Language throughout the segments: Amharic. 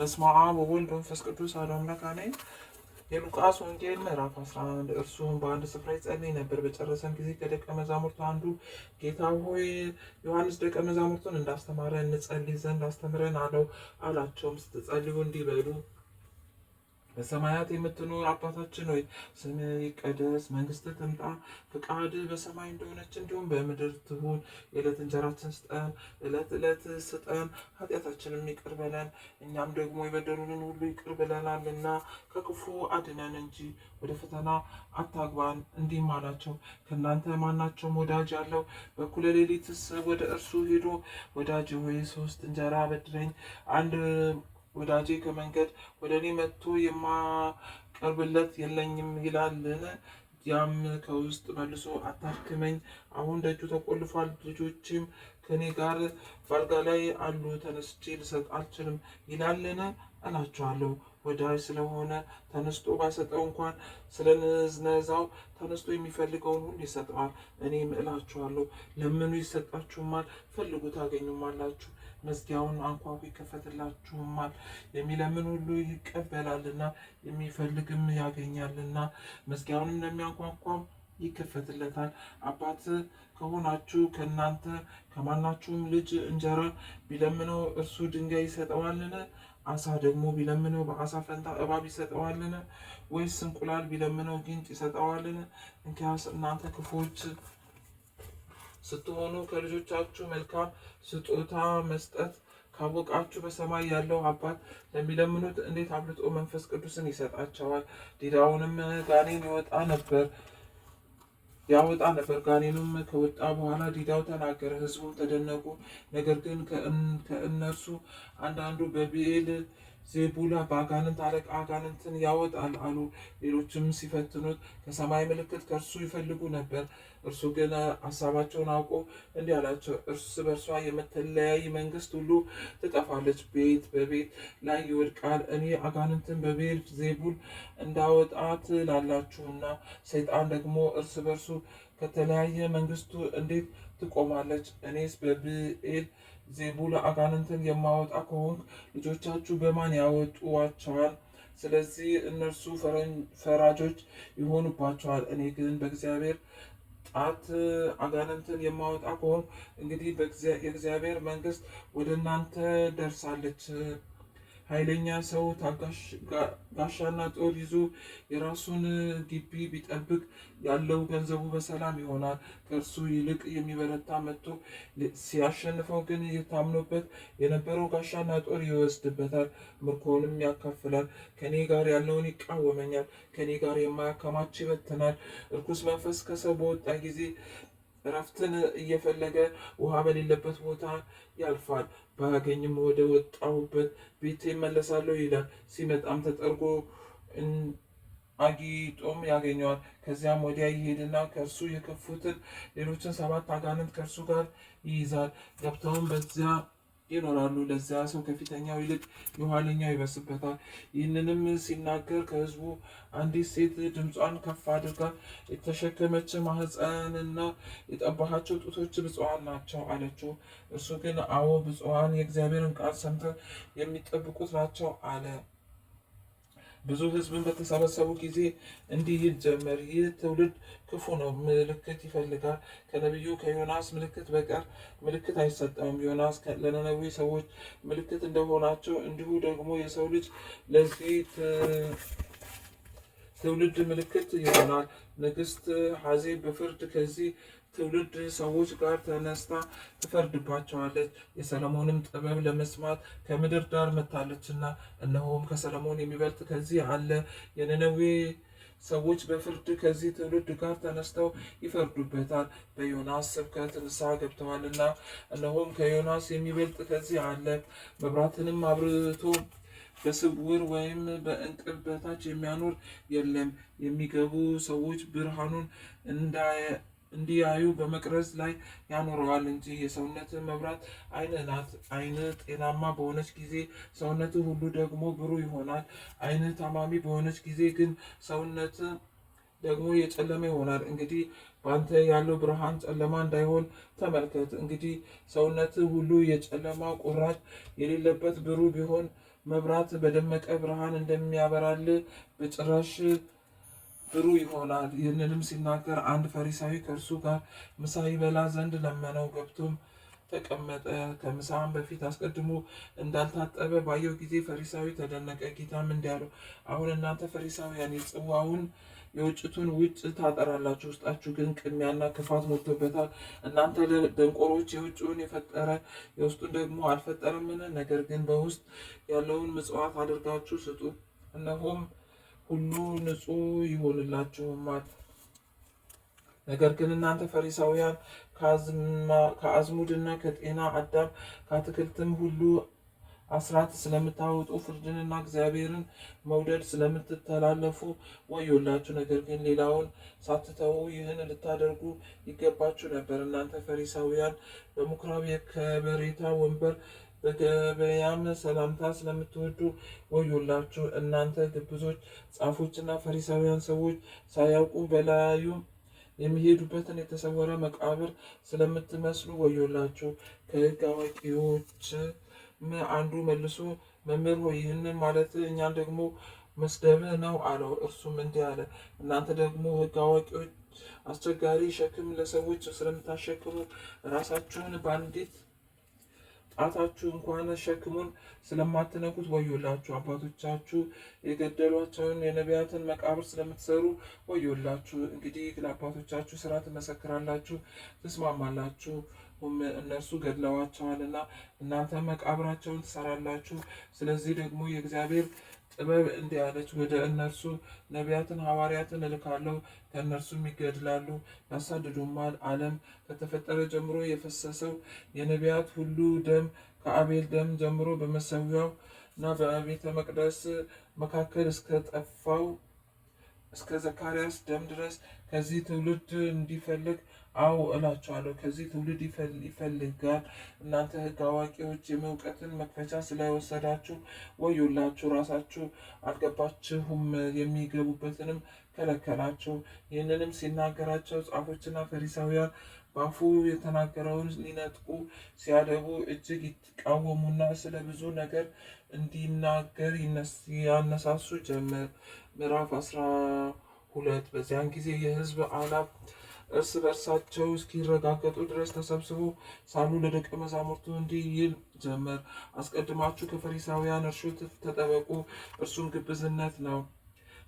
በስመ አብ ወወልድ ወመንፈስ ቅዱስ አሐዱ አምላክ አሜን። የሉቃስ ወንጌል ምዕራፍ 11 እርሱም በአንድ ስፍራ ይጸልይ ነበር። በጨረሰም ጊዜ ከደቀ መዛሙርቱ አንዱ ጌታ ሆይ ዮሐንስ ደቀ መዛሙርቱን እንዳስተማረ እንጸልይ ዘንድ አስተምረን አለው አላቸውም። ስትጸልዩ እንዲህ በሉ በሰማያት የምትኖር አባታችን ሆይ ስምህ ይቀደስ፣ መንግስት ትምጣ፣ ፍቃድ በሰማይ እንደሆነች እንዲሁም በምድር ትሁን። የዕለት እንጀራችን ስጠን፣ ዕለት ዕለት ስጠን፣ ኃጢአታችንም ይቅር በለን እኛም ደግሞ የበደሉንን ሁሉ ይቅር እና ከክፉ አድነን እንጂ ወደ ፈተና አታግባን። እንዲህም አላቸው፣ ከእናንተ ማናቸውም ወዳጅ ያለው በኩለ ሌሊትስ ወደ እርሱ ሄዶ ወዳጅ ሆይ ሶስት እንጀራ በድረኝ አንድ ወዳጄ ከመንገድ ወደ እኔ መጥቶ የማቀርብለት የለኝም ይላልን? ያም ከውስጥ መልሶ አታክመኝ፣ አሁን ደጁ ተቆልፏል፣ ልጆችም ከእኔ ጋር ባልጋ ላይ አሉ፣ ተነስቼ ልሰጥ አልችልም ይላልን? እላቸዋለሁ ወዳጅ ስለሆነ ተነስቶ ባሰጠው እንኳን ስለንዝነዛው ተነስቶ የሚፈልገውን ሁሉ ይሰጠዋል። እኔም እላችኋለሁ ለምኑ ይሰጣችሁማል፣ ፈልጉ ታገኙማላችሁ መዝጊያውን አንኳኩ ይከፈትላችሁማል። የሚለምን ሁሉ ይቀበላልና የሚፈልግም ያገኛልና መዝጊያውንም ለሚያንኳኳም ይከፈትለታል። አባት ከሆናችሁ ከእናንተ ከማናችሁም ልጅ እንጀራ ቢለምነው እርሱ ድንጋይ ይሰጠዋልን? አሳ ደግሞ ቢለምነው በአሳ ፈንታ እባብ ይሰጠዋልን? ወይስ እንቁላል ቢለምነው ጊንጥ ይሰጠዋልን? እንኪያስ እናንተ ክፉዎች ስትሆኑ ከልጆቻችሁ መልካም ስጦታ መስጠት ካወቃችሁ በሰማይ ያለው አባት ለሚለምኑት እንዴት አብልጦ መንፈስ ቅዱስን ይሰጣቸዋል። ዲዳውንም ጋኔን ይወጣ ነበር ያወጣ ነበር። ጋኔኑም ከወጣ በኋላ ዲዳው ተናገረ፣ ህዝቡም ተደነቁ። ነገር ግን ከእነርሱ አንዳንዱ በብዔል ዜቡላ በአጋንንት አለቃ አጋንንትን ያወጣል አሉ። ሌሎችም ሲፈትኑት ከሰማይ ምልክት ከእርሱ ይፈልጉ ነበር። እርሱ ግን ሀሳባቸውን አውቆ እንዲህ አላቸው፣ እርስ በእርሷ የምትለያይ መንግስት ሁሉ ትጠፋለች፣ ቤት በቤት ላይ ይወድቃል። እኔ አጋንንትን በቤል ዜቡል እንዳወጣ ትላላችሁና፣ ሰይጣን ደግሞ እርስ በእርሱ ከተለያየ መንግስቱ እንዴት ትቆማለች? እኔስ በብኤል ዜቡል አጋንንትን የማወጣ ከሆንክ ልጆቻችሁ በማን ያወጡዋቸዋል? ስለዚህ እነርሱ ፈራጆች ይሆኑባቸዋል። እኔ ግን በእግዚአብሔር ጣት አጋንንትን የማወጣ ከሆንኩ እንግዲህ የእግዚአብሔር መንግስት ወደ እናንተ ደርሳለች። ኃይለኛ ሰው ጋሻና ጦር ይዞ የራሱን ግቢ ቢጠብቅ ያለው ገንዘቡ በሰላም ይሆናል። ከእርሱ ይልቅ የሚበረታ መጥቶ ሲያሸንፈው ግን የታምኖበት የነበረው ጋሻና ጦር ይወስድበታል፣ ምርኮውንም ያካፍላል። ከኔ ጋር ያለውን ይቃወመኛል፣ ከኔ ጋር የማያከማች ይበትናል። እርኩስ መንፈስ ከሰው በወጣ ጊዜ እረፍትን እየፈለገ ውሃ በሌለበት ቦታ ያልፋል። ባገኝም ወደ ወጣሁበት ቤት እመለሳለሁ ይላል። ሲመጣም ተጠርጎ አጊጦም ያገኘዋል። ከዚያም ወዲያ ይሄድና ከእርሱ የከፉትን ሌሎችን ሰባት አጋንንት ከእርሱ ጋር ይይዛል። ገብተውም በዚያ ይኖራሉ። ለዚያ ሰው ከፊተኛው ይልቅ የኋለኛው ይበስበታል። ይህንንም ሲናገር ከህዝቡ አንዲት ሴት ድምጿን ከፍ አድርጋ የተሸከመች ማህፀንና የጠባሃቸው ጡቶች ብፁዓን ናቸው አለችው። እርሱ ግን አዎ ብፁዓን የእግዚአብሔርን ቃል ሰምተው የሚጠብቁት ናቸው አለ። ብዙ ህዝብን በተሰበሰቡ ጊዜ እንዲህ ይጀመር፣ ጀመር፣ ይህ ትውልድ ክፉ ነው፣ ምልክት ይፈልጋል። ከነቢዩ ከዮናስ ምልክት በቀር ምልክት አይሰጠውም። ዮናስ ለነነዌ ሰዎች ምልክት እንደሆናቸው እንዲሁ ደግሞ የሰው ልጅ ለዚህ ትውልድ ምልክት ይሆናል። ንግስት ሐዜ በፍርድ ከዚህ ትውልድ ሰዎች ጋር ተነስታ ትፈርድባቸዋለች። የሰለሞንም ጥበብ ለመስማት ከምድር ዳር መታለችና እነሆም ከሰለሞን የሚበልጥ ከዚህ አለ። የነነዌ ሰዎች በፍርድ ከዚህ ትውልድ ጋር ተነስተው ይፈርዱበታል። በዮናስ ስብከት ንስሐ ገብተዋልና፣ እነሆም ከዮናስ የሚበልጥ ከዚህ አለ። መብራትንም አብርቶ በስውር ወይም በእንቅብ በታች የሚያኖር የለም። የሚገቡ ሰዎች ብርሃኑን እንዳያ እንዲያዩ በመቅረጽ ላይ ያኖረዋል እንጂ የሰውነት መብራት አይን ናት። አይን ጤናማ በሆነች ጊዜ ሰውነት ሁሉ ደግሞ ብሩህ ይሆናል። አይን ታማሚ በሆነች ጊዜ ግን ሰውነት ደግሞ የጨለመ ይሆናል። እንግዲህ በአንተ ያለው ብርሃን ጨለማ እንዳይሆን ተመልከት። እንግዲህ ሰውነት ሁሉ የጨለማ ቁራጭ የሌለበት ብሩህ ቢሆን መብራት በደመቀ ብርሃን እንደሚያበራል በጭራሽ ጥሩ ይሆናል። ይህንንም ሲናገር አንድ ፈሪሳዊ ከእርሱ ጋር ምሳ ይበላ ዘንድ ለመነው። ገብቶም ተቀመጠ። ከምሳም በፊት አስቀድሞ እንዳልታጠበ ባየው ጊዜ ፈሪሳዊ ተደነቀ። ጌታም እንዲህ አለው፣ አሁን እናንተ ፈሪሳውያን የጽዋውን የውጭቱን ውጭ ታጠራላችሁ፣ ውስጣችሁ ግን ቅሚያና ክፋት ሞልቶበታል። እናንተ ደንቆሮች የውጭውን የፈጠረ የውስጡን ደግሞ አልፈጠረምን? ነገር ግን በውስጥ ያለውን ምጽዋት አድርጋችሁ ስጡ፣ እነሆም ሁሉ ንጹህ ይሆንላችሁማል። ነገር ግን እናንተ ፈሪሳውያን ከአዝሙድና ከጤና አዳም ከአትክልትም ሁሉ አስራት ስለምታወጡ ፍርድንና እግዚአብሔርን መውደድ ስለምትተላለፉ ወዮላችሁ። ነገር ግን ሌላውን ሳትተዉ ይህን ልታደርጉ ይገባችሁ ነበር። እናንተ ፈሪሳውያን በምኩራብ የከበሬታ ወንበር በገበያም ሰላምታ ስለምትወዱ ወዮላችሁ እናንተ ግብዞች፣ ጻፎችና ፈሪሳውያን ሰዎች ሳያውቁ በላዩ የሚሄዱበትን የተሰወረ መቃብር ስለምትመስሉ ወዮላችሁ። ከሕግ አዋቂዎችም አንዱ መልሶ መምህር ሆይ ይህንን ማለት እኛን ደግሞ መስደብ ነው አለው። እርሱም እንዲህ አለ፣ እናንተ ደግሞ ሕግ አዋቂዎች አስቸጋሪ ሸክም ለሰዎች ስለምታሸክሙ ራሳችሁን በአንዲት ጣታችሁ እንኳን ሸክሙን ስለማትነኩት ወዮላችሁ። አባቶቻችሁ የገደሏቸውን የነቢያትን መቃብር ስለምትሰሩ ወዮላችሁ። እንግዲህ ለአባቶቻችሁ ስራ ትመሰክራላችሁ፣ ትስማማላችሁ። እነርሱ ገድለዋቸዋልና እናንተ መቃብራቸውን ትሰራላችሁ። ስለዚህ ደግሞ የእግዚአብሔር ጥበብ እንዲህ አለች፣ ወደ እነርሱ ነቢያትን ሐዋርያትን እልካለሁ፣ ከእነርሱም ይገድላሉ፣ ያሳድዱማል። ዓለም ከተፈጠረ ጀምሮ የፈሰሰው የነቢያት ሁሉ ደም ከአቤል ደም ጀምሮ በመሰዊያው እና በቤተ መቅደስ መካከል እስከጠፋው እስከ ዘካርያስ ደም ድረስ ከዚህ ትውልድ እንዲፈልግ አዎ እላችኋለሁ ከዚህ ትውልድ ይፈልጋል። እናንተ ህግ አዋቂዎች የመውቀትን መክፈቻ ስለወሰዳችሁ ወዮላችሁ። ራሳችሁ አልገባችሁም፣ የሚገቡበትንም ከለከላችሁ። ይህንንም ሲናገራቸው ጻፎችና ፈሪሳውያን በአፉ የተናገረውን ሊነጥቁ ሲያደቡ እጅግ ይቃወሙና ስለ ብዙ ነገር እንዲናገር ያነሳሱ ጀመር። ምዕራፍ አስራ ሁለት በዚያን ጊዜ የህዝብ አላፍ እርስ በርሳቸው እስኪረጋገጡ ድረስ ተሰብስቦ ሳሉ ለደቀ መዛሙርቱ እንዲህ ይል ጀመር፣ አስቀድማችሁ ከፈሪሳውያን እርሾ ተጠበቁ፣ እርሱም ግብዝነት ነው።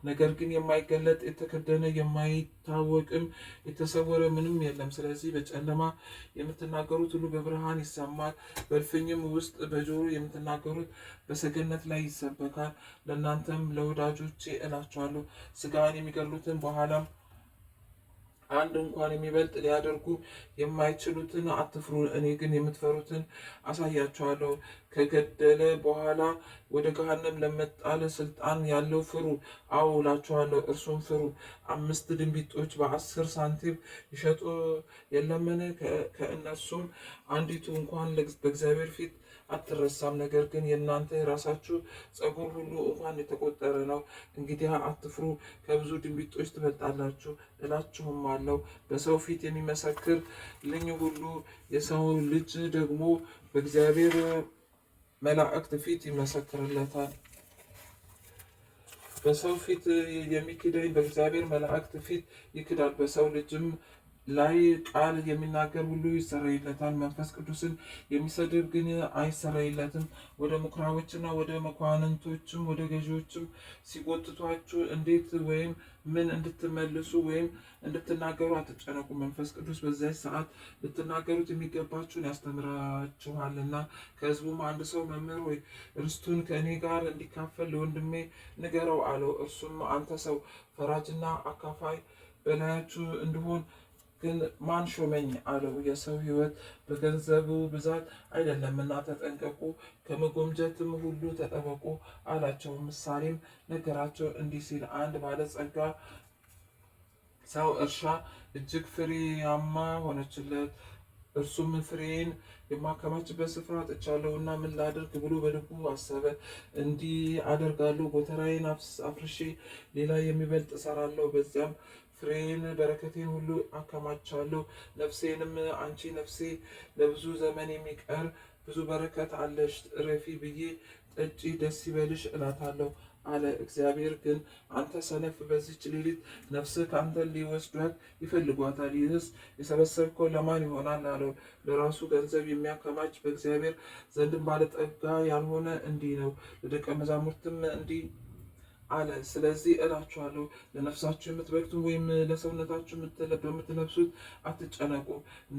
ነገር ግን የማይገለጥ የተከደነ የማይታወቅም የተሰወረ ምንም የለም። ስለዚህ በጨለማ የምትናገሩት ሁሉ በብርሃን ይሰማል፣ በእልፍኝም ውስጥ በጆሮ የምትናገሩት በሰገነት ላይ ይሰበካል። ለእናንተም ለወዳጆቼ እላችኋለሁ ስጋን የሚገሉትን በኋላም አንድ እንኳን የሚበልጥ ሊያደርጉ የማይችሉትን አትፍሩ፣ እኔ ግን የምትፈሩትን አሳያችኋለሁ። ከገደለ በኋላ ወደ ገሃነም ለመጣለ ስልጣን ያለው ፍሩ። አዎ እላችኋለሁ፣ ፍሩ። አምስት ድንቢጦች በአስር ሳንቲም ይሸጡ የለምን? ከእነሱም አንዲቱ እንኳን በእግዚአብሔር ፊት አትረሳም። ነገር ግን የእናንተ የራሳችሁ ጸጉር ሁሉ እንኳን የተቆጠረ ነው። እንግዲህ አትፍሩ፣ ከብዙ ድንቢጦች ትበልጣላችሁ እላችሁም አለው። በሰው ፊት የሚመሰክር ልኝ ሁሉ የሰው ልጅ ደግሞ በእግዚአብሔር መላእክት ፊት ይመሰክርለታል። በሰው ፊት የሚክደኝ በእግዚአብሔር መላእክት ፊት ይክዳል። በሰው ልጅም ላይ ቃል የሚናገር ሁሉ ይሰረይለታል፣ መንፈስ ቅዱስን የሚሰድብ ግን አይሰረይለትም። ወደ ምኩራቦችና ወደ መኳንንቶችም ወደ ገዢዎችም ሲጎትቷችሁ እንዴት ወይም ምን እንድትመልሱ ወይም እንድትናገሩ አትጨነቁ። መንፈስ ቅዱስ በዚያ ሰዓት ልትናገሩት የሚገባችሁን ያስተምራችኋልና። ከህዝቡም አንድ ሰው መምህር ወይ ርስቱን ከእኔ ጋር እንዲካፈል ለወንድሜ ንገረው አለው። እርሱም አንተ ሰው ፈራጅና አካፋይ በላያችሁ እንድሆን ግን ማን ሾመኝ አለው። የሰው ህይወት በገንዘቡ ብዛት አይደለምና ተጠንቀቁ፣ ከመጎምጀትም ሁሉ ተጠበቁ አላቸው። ምሳሌም ነገራቸው እንዲህ ሲል አንድ ባለጸጋ ሰው እርሻ እጅግ ፍሬያማ ሆነችለት። እርሱም ፍሬን የማከማችበት ስፍራ እና ምን ላድርግ ብሎ በልቡ አሰበ። እንዲህ አደርጋለሁ፣ ጎተራዬን አፍርሼ ሌላ የሚበልጥ እሰራለሁ፣ በዚያም ፍሬን በረከቴን ሁሉ አከማቻለሁ። ነፍሴንም አንቺ ነፍሴ ለብዙ ዘመን የሚቀር ብዙ በረከት አለሽ፣ እረፊ ብዬ ጠጪ ደስ ይበልሽ እላታለሁ አለ። እግዚአብሔር ግን አንተ ሰነፍ፣ በዚች ሌሊት ነፍስ ከአንተ ሊወስዷት ይፈልጓታል፣ ይህስ የሰበሰብከው ለማን ይሆናል አለው። ለራሱ ገንዘብ የሚያከማች በእግዚአብሔር ዘንድም ባለጠጋ ያልሆነ እንዲህ ነው። ለደቀ መዛሙርትም እንዲህ አለ። ስለዚህ እላችኋለሁ ለነፍሳችሁ የምትበሉትን ወይም ለሰውነታችሁ በምትለብሱት አትጨነቁ።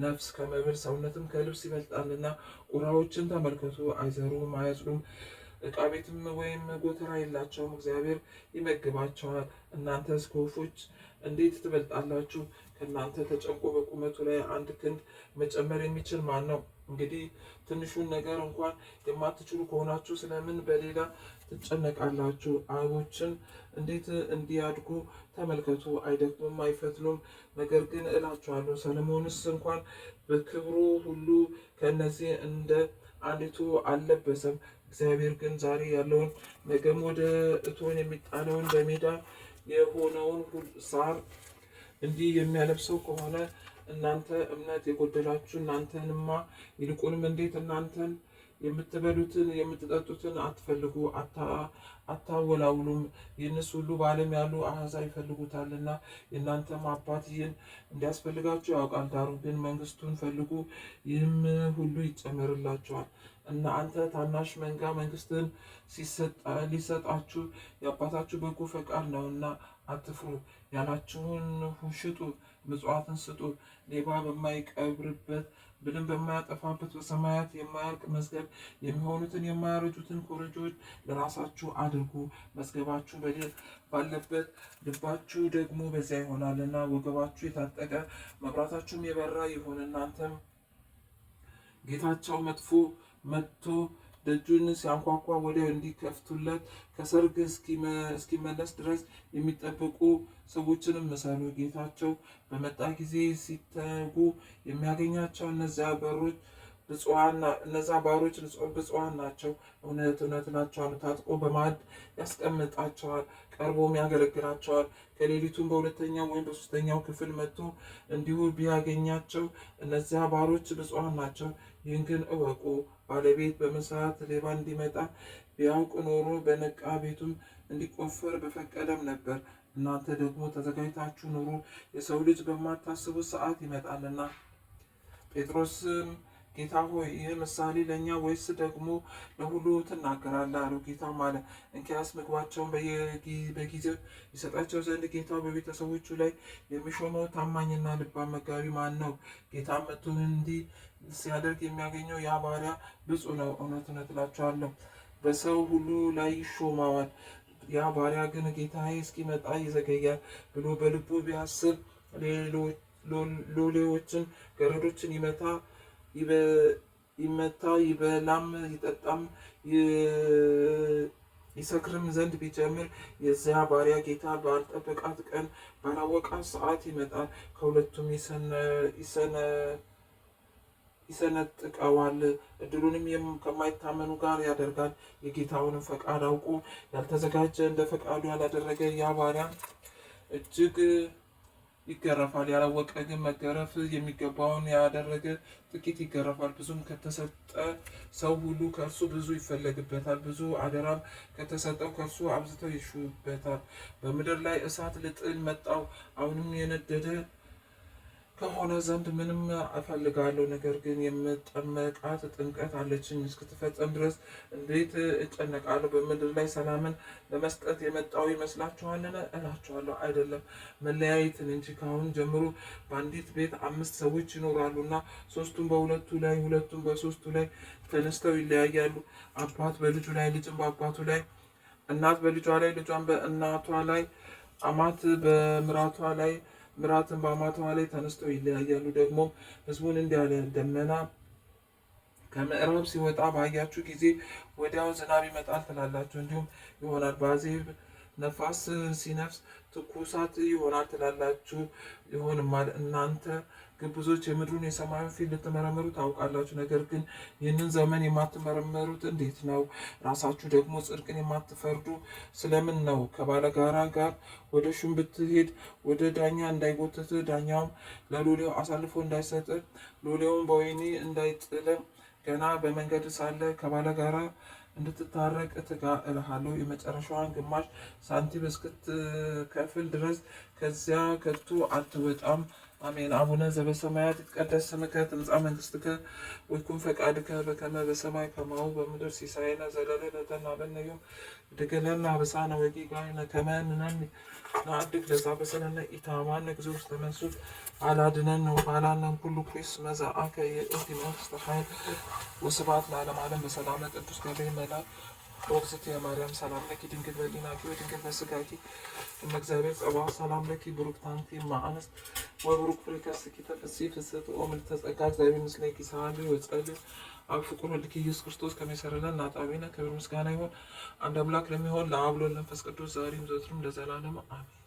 ነፍስ ከመብል ሰውነትም ከልብስ ይበልጣልና። ቁራዎችን ተመልከቱ፣ አይዘሩም አያጭዱም፣ እቃ ቤትም ወይም ጎተራ የላቸውም፣ እግዚአብሔር ይመግባቸዋል። እናንተስ ከወፎች እንዴት ትበልጣላችሁ? ከእናንተ ተጨንቆ በቁመቱ ላይ አንድ ክንድ መጨመር የሚችል ማን ነው? እንግዲህ ትንሹን ነገር እንኳን የማትችሉ ከሆናችሁ ስለምን በሌላ ትጨነቃላችሁ። አበቦችን እንዴት እንዲያድጉ ተመልከቱ። አይደክሙም፣ አይፈትሉም። ነገር ግን እላችኋለሁ ሰለሞንስ እንኳን በክብሩ ሁሉ ከእነዚህ እንደ አንዲቱ አልለበሰም። እግዚአብሔር ግን ዛሬ ያለውን ነገም ወደ እቶን የሚጣለውን በሜዳ የሆነውን ሳር እንዲህ የሚያለብሰው ከሆነ እናንተ እምነት የጎደላችሁ እናንተንማ ይልቁንም እንዴት እናንተን የምትበሉትን የምትጠጡትን አትፈልጉ፣ አታወላውሉም። የእነሱ ሁሉ በዓለም ያሉ አሕዛብ ይፈልጉታልና የእናንተም አባት ይህን እንዲያስፈልጋችሁ ያውቃል። ዳሩ ግን መንግስቱን ፈልጉ፣ ይህም ሁሉ ይጨመርላችኋል። እና አንተ ታናሽ መንጋ መንግስትን ሊሰጣችሁ የአባታችሁ በጎ ፈቃድ ነውና አትፍሩ። ያላችሁን ሽጡ ምጽዋትን ስጡ። ሌባ በማይቀብርበት ብልም በማያጠፋበት በሰማያት የማያልቅ መዝገብ የሚሆኑትን የማያረጁትን ኮረጆች ለራሳችሁ አድርጉ። መዝገባችሁ በደል ባለበት ልባችሁ ደግሞ በዚያ ይሆናልና፣ ወገባችሁ የታጠቀ መብራታችሁም የበራ ይሁን። እናንተም ጌታቸው መጥፎ መጥቶ ደጁን ሲያንኳኳ ወዲያው እንዲከፍቱለት ከሰርግ እስኪመለስ ድረስ የሚጠብቁ ሰዎችንም ምሰሉ። ጌታቸው በመጣ ጊዜ ሲተጉ የሚያገኛቸው እነዚያ በሮች እነዚያ ባሮች ብፁዓን ናቸው፣ እውነት እውነት ናቸዋል። ታጥቆ በማዕድ ያስቀምጣቸዋል፣ ቀርቦም ያገለግላቸዋል። ከሌሊቱም በሁለተኛው ወይም በሶስተኛው ክፍል መጥቶ እንዲሁ ቢያገኛቸው እነዚያ ባሮች ብፁዓን ናቸው፣ ይህን ግን እወቁ ባለቤት በምን ሰዓት ሌባ እንዲመጣ ቢያውቅ ኖሮ በነቃ ቤቱም እንዲቆፈር በፈቀደም ነበር። እናንተ ደግሞ ተዘጋጅታችሁ ኑሩ፣ የሰው ልጅ በማታስቡት ሰዓት ይመጣልና። ጴጥሮስም ጌታ ሆይ ይህ ምሳሌ ለእኛ ወይስ ደግሞ ለሁሉ ትናገራለህ? አለው። ጌታ አለ እንኪያስ ምግባቸውን በጊዜው ይሰጣቸው ዘንድ ጌታው በቤተሰቦቹ ላይ የሚሾመው ታማኝና ልባም መጋቢ ማን ነው? ጌታ መጥቶ እንዲህ ሲያደርግ የሚያገኘው ያ ባሪያ ብፁ ነው። እውነት እውነት እላችኋለሁ በሰው ሁሉ ላይ ይሾመዋል። ያ ባሪያ ግን ጌታዬ እስኪመጣ ይዘገያል ብሎ በልቡ ቢያስብ ሎሌዎችን፣ ገረዶችን ይመታ ይመታ ይበላም ይጠጣም ይሰክርም ዘንድ ቢጀምር የዚያ ባሪያ ጌታ ባልጠበቃት ቀን ባላወቃት ሰዓት ይመጣል፣ ከሁለቱም ይሰነ ይሰነጥቀዋል፣ እድሉንም ከማይታመኑ ጋር ያደርጋል። የጌታውንም ፈቃድ አውቆ ያልተዘጋጀ እንደ ፈቃዱ ያላደረገ ያ ባሪያ እጅግ ይገረፋል። ያላወቀ ግን መገረፍ የሚገባውን ያደረገ ጥቂት ይገረፋል። ብዙም ከተሰጠ ሰው ሁሉ ከእርሱ ብዙ ይፈለግበታል። ብዙ አደራም ከተሰጠው ከእርሱ አብዝተው ይሹበታል። በምድር ላይ እሳት ልጥል መጣው፣ አሁንም የነደደ ከሆነ ዘንድ ምንም እፈልጋለሁ። ነገር ግን የምጠመቃት ጥምቀት አለችኝ እስክትፈጸም ድረስ እንዴት እጨነቃለሁ? በምድር ላይ ሰላምን ለመስጠት የመጣው ይመስላችኋልን? እላችኋለሁ አይደለም፣ መለያየትን እንጂ። ካሁን ጀምሮ በአንዲት ቤት አምስት ሰዎች ይኖራሉ እና ሶስቱም በሁለቱ ላይ ሁለቱም በሶስቱ ላይ ተነስተው ይለያያሉ። አባት በልጁ ላይ፣ ልጅም በአባቱ ላይ፣ እናት በልጇ ላይ፣ ልጇን በእናቷ ላይ፣ አማት በምራቷ ላይ ምራትን በአማትዋ ላይ ተነስቶ ይለያያሉ። ደግሞ ህዝቡን እንዲያለ ደመና ከምዕራብ ሲወጣ ባያችሁ ጊዜ ወዲያው ዝናብ ይመጣል ትላላችሁ፣ እንዲሁም ይሆናል። በአዜብ ነፋስ ሲነፍስ ትኩሳት ይሆናል ትላላችሁ ይሆንማል። እናንተ ግብዞች የምድሩን የሰማዩን ፊት ልትመረምሩ ታውቃላችሁ። ነገር ግን ይህንን ዘመን የማትመረምሩት እንዴት ነው? ራሳችሁ ደግሞ ጽድቅን የማትፈርዱ ስለምን ነው? ከባለጋራ ጋር ወደ ሹም ብትሄድ ወደ ዳኛ እንዳይጎትት፣ ዳኛውም ለሎሌው አሳልፎ እንዳይሰጥ፣ ሎሌውን በወይኔ እንዳይጥለ ገና በመንገድ ሳለ ከባለጋራ እንድትታረቅ ትጋ እልሃለሁ። የመጨረሻዋን ግማሽ ሳንቲም እስክትከፍል ድረስ ከዚያ ከቱ አትወጣም። አሜን። አቡነ ዘበሰማያት ይትቀደስ ስምከ ትምጻእ መንግስትከ ወይኩን ፈቃድከ በከመ በሰማይ ከማሁ በምድር ሲሳየነ ዘለለዕለትነ ሀበነ ዮም ወኅድግ አበሳነ ወጌጋየነ ከመ ንሕነኒ ንኅድግ ለዘ አበሰ ለነ ኢታማነ እግዚኦ ውስተ መንሱት አላድነን ባላናም ሁሉ ፕሪስ መዛአከ የእቲ መንግስት ኃይል ወስብሐት ለዓለመ ዓለም በሰላም ቅዱስ ገብርኤል መልአክ ወቅስት የማርያም ሰላም ለኪ ድንግል በሊናኪ ወድንግል በስጋኪ እመ እግዚአብሔር ጸባኦት ሰላም ለኪ ብሩክ ታንቲ እምአንስት ወብሩክ ፍሬ ከርሥኪ ተፈሥሒ ፍስሕት ኦ ምልዕተ እግዚአብሔር ምስሌኪ ሰአሊ ወጸልዪ አብ ፍቁር ወልድ ኢየሱስ ክርስቶስ ከመ ይሠረይ ክብር ምስጋና ይሁን አንድ አምላክ ለሚሆን ለአብ ወወልድ ቅዱስ ዛሬም ዘወትርም ለዘላለሙ አሜን።